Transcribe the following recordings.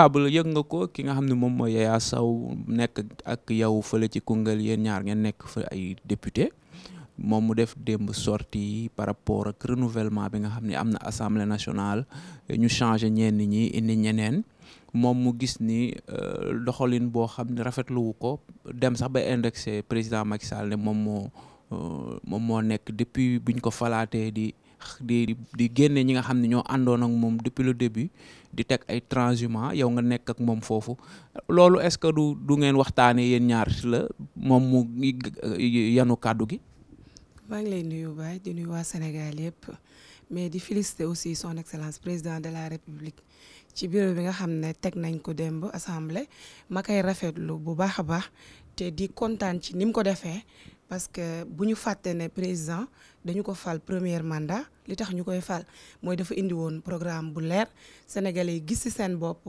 honorable yëg nga ko ki nga xam ne moom mooy Yaya Sow nekk ak yow fële ci Koungheul yéen ñaar ngeen nekk fa ay député moom mu def démb sorti par rapport ak renouvellement bi nga xam ne am na assemblée nationale ñu changé ñenn ñi indi ñeneen moom mu gis ni euh, doxalin boo xam ne rafetluwu ko dem sax ba indexé président Macky Sall euh, moom moo nekk depuis buñ ko falaatee di. di di génne ñi nga xam ne ñoo àndoon ak moom depuis le début di teg ay transhumants yow nga nekk ak moom foofu loolu est-ce que du du ngeen waxtaanee yéen ñaar la moom mu euh, yanu kàddu gi. maa ngi lay nuyu baay di nuyu waa Sénégal yëpp mais di féliciter aussi son excellence président de la république ci bureau bi nga xam ne teg nañ ko demb assemblée ma koy rafetlu bu baax a baax te di kontaan ci ni ko defee. parce que bu ñu fàttee ne président dañu ko fal première mandat li tax ñu koy fal mooy dafa indi woon programme bu leer sénégalais gis ci seen bopp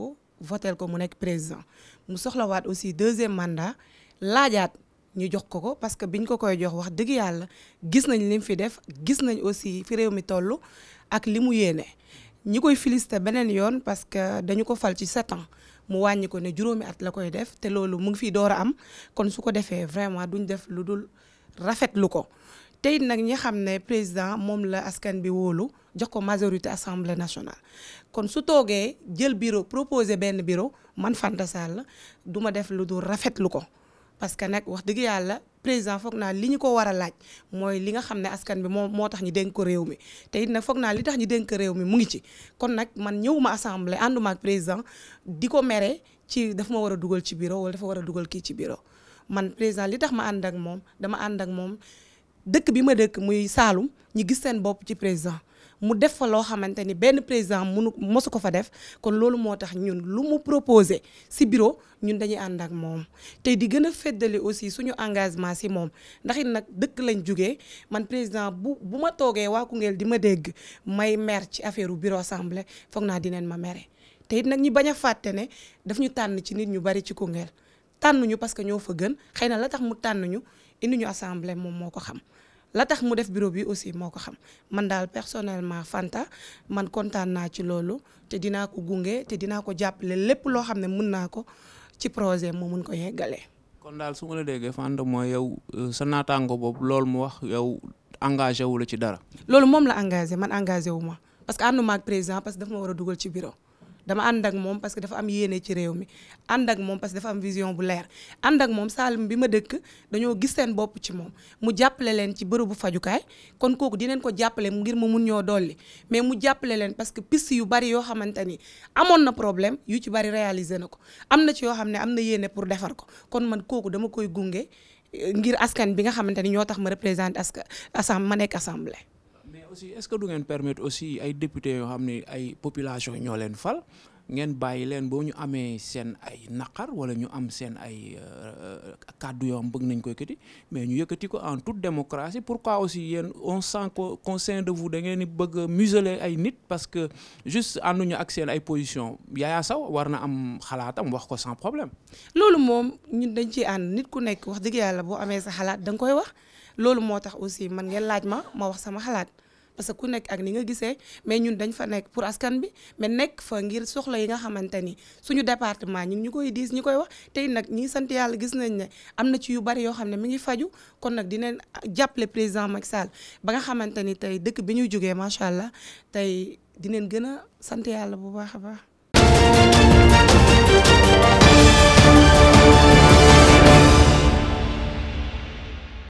votel ko mu nekk président mu soxlawaat aussi deuxième mandat laajaat ñu jox ko ko parce que biñ ko koy jox wax dëgg yàlla gis nañ li fi def gis nañ aussi fi réew mi toll ak li mu yéene ñi koy félicité beneen yoon parce que dañu ko fal ci sept ans mu wàññi ko ne juróomi at la koy def te loolu mu ngi fiy door a am kon su ko defee vraiment duñ def lu dul rafetlu ko tey nag ñi xam ne président moom la askan bi wóolu jox ko majorité assemblée nationale kon su toogee jël bureau proposé benn bureau man Fanta la du ma def lu dul rafetlu ko parce que nag wax dëgg yàlla président foog naa li ñu ko war a laaj mooy li nga xam ne askan bi moo moo tax ñu dénk ko réew mi te it nag foog naa li tax ñi denk ko réew mi mu ngi ci kon nag man ñëwuma assemblée ànduma ak président di ko mere ci dafa ma war a dugal ci bureau wala dafa war a dugal kii ci biiro man président li tax ma ànd ak moom dama ànd ak moom dëkk bi ma dëkk muy Saalum ñu gis seen bopp ci président mu def fa loo xamante ni benn président munu mosu ko fa def kon loolu moo tax ñun lu mu proposé si bureau ñun dañuy ànd ak moom te di gën a feddali aussi suñu engagement si moom ndax it nag dëkk lañ jugee man président bu bu ma toogee waa Koungheul di ma dégg may mer ci affaire bureau assemblée foog naa dineen ma mere te it nag ñi bañ a fàtte ne daf ñu tànn ci nit ñu bari ci Koungheul tànnuñu parce que ñoo fa gën xëy na la tax mu tànn ñu indi ñu assemblée moom moo ko xam la tax mu def bureau bi aussi moo ko xam man daal personnellement Fanta man kontaan naa ci loolu te dinaa ko gunge te dinaa ko jàppale lépp loo xam ne mun naa ko ci projet moo mun ko yeggalee. kon daal su ma la déggee Fanta mooy yow euh, sa naataango boobu loolu mu wax yow engagé wu ci dara. loolu moom la engagé man engagé wu ma parce que ànduma ak président parce que daf ma war a dugal ci bureau. dama ànd ak moom parce que dafa am yéene ci réew mi ànd ak moom parce que dafa am vision bu leer ànd moom Saalum bi ma dëkk dañoo gis seen bopp ci moom mu jàppale leen ci bërëbu fajukaay kon kooku dineen ko jàppale ngir mu mun ñoo dolli mais mu jàppale leen parce que piste yu bari yoo xamante ni amoon na problème yu ci bari réalisé na ko am na ci yoo xam ne am na yéene pour defar ko kon man kooku dama koy gunge ngir askan bi nga xamante ni ñoo tax ma représente askan ma nekk assemblée aussi est-ce que du ngeen permettre aussi ay député yoo xam ne ay population ñoo leen fal ngeen bàyyi leen boo ñu amee seen ay naqar wala ñu am seen ay euh, kàddu yoo xam bëgg nañ koy yëkkati mais ñu yëkkati ko en toute démocratie pourquoi aussi yéen on sent qu'on de vous da ngeen ni bëgg museler ay nit parce que juste ànduñu ak seen ay position Yaya saw war na am xalaatam wax ko sans problème. loolu moom ñu dañ ci ànd nit ku nekk wax dëgg yàlla boo amee sa xalaat da koy wax loolu moo tax aussi man ngeen laaj ma ma wax sama xalaat. parce que ku nekk ak ni nga gisee mais ñun dañ fa nekk pour askan bi mais nekk fa ngir soxla yi nga xamante ni suñu département ñun ñu koy diis ñu koy wax tey nag ñi ngi sant yàlla gis nañ ne am na ci yu bari yoo xam ne mi ngi faju kon nag dinañ jàppale président mag Sall ba nga xamante ni tey dëkk bi ñuy jógee macha allah tey dinañ gën a sant yàlla bu baax a baax.